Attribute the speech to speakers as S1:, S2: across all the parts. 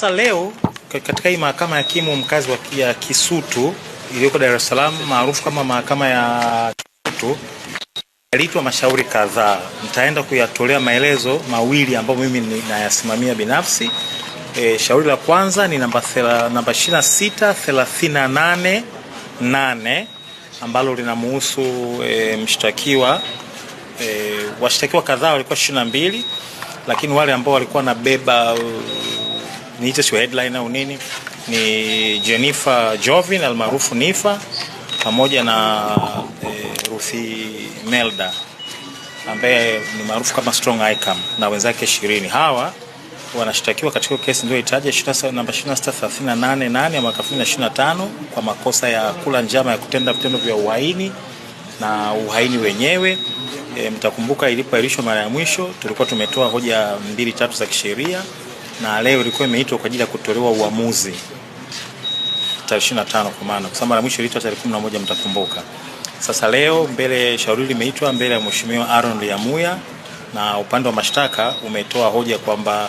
S1: Sasa leo katika hii mahakama ya kimu mkazi ya Kisutu iliyoko Dar es Salaam maarufu kama mahakama ya Kisutu yaliitwa mashauri kadhaa. Nitaenda kuyatolea maelezo mawili ambayo mimi ninayasimamia binafsi. E, shauri la kwanza ni namba namba 26 38 ambalo linamuhusu e, mshtakiwa e, washtakiwa kadhaa walikuwa 22 lakini wale ambao walikuwa nabeba niite sio headline au nini, ni Jennifer Jovin almaarufu Nifa pamoja na e, eh, Ruthi Melda ambaye ni maarufu kama Strong Icam na wenzake 20 hawa wanashtakiwa katika kesi ndio itaja namba 2638 ya mwaka 2025 kwa makosa ya kula njama ya kutenda vitendo vya uhaini na uhaini wenyewe. E, mtakumbuka ilipoahirishwa mara ya mwisho tulikuwa tumetoa hoja mbili tatu za kisheria na leo ilikuwa imeitwa kwa ajili ya kutolewa uamuzi tarehe 25 kwa maana kwa sababu mara mwisho iliitwa tarehe 11 mtakumbuka. Sasa leo mbele shauri limeitwa mbele ya Mheshimiwa Aaron Liamuya na upande wa mashtaka umetoa hoja kwamba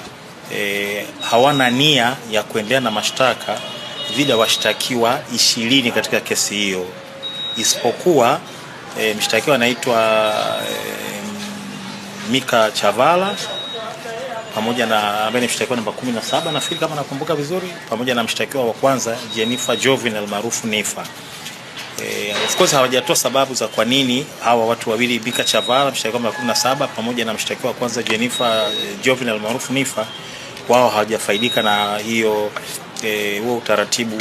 S1: e, hawana nia ya kuendelea na mashtaka dhidi ya washtakiwa ishirini katika kesi hiyo isipokuwa e, mshtakiwa anaitwa e, Mika Chavala pamoja na ambaye ni mshtakiwa namba 17 nafikiri kama nakumbuka vizuri, pamoja na mshtakiwa wa kwanza Jennifer Jovin almaarufu Nifa. E, of course hawajatoa sababu za kwa nini hawa watu wawili Bika Chavala mshtakiwa namba 17 pamoja na mshtakiwa wa kwanza Jennifer e, Jovin almaarufu Nifa wao hawajafaidika na hiyo e, huo e, utaratibu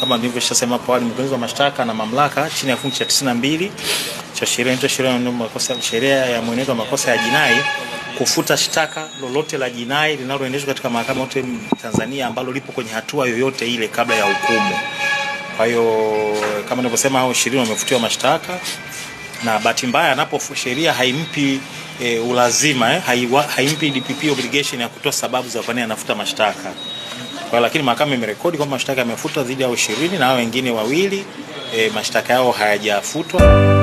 S1: kama nilivyoshasema hapo awali, mkurugenzi wa mashtaka na mamlaka chini ya fungu cha 92 cha sheria ya mwenendo wa makosa ya jinai kufuta shtaka lolote la jinai linaloendeshwa katika mahakama yote Tanzania ambalo lipo kwenye hatua yoyote ile kabla ya hukumu. Kwa hiyo kama nilivyosema, hao ishirini wamefutiwa mashtaka, na bahati mbaya anapo sheria haimpi e, ulazima eh, haimpi DPP obligation ya kutoa sababu za kwa nini anafuta mashtaka kwa, lakini mahakama imerekodi kwamba mashtaka yamefutwa dhidi ya 20 na hao wengine wawili e, mashtaka yao hayajafutwa.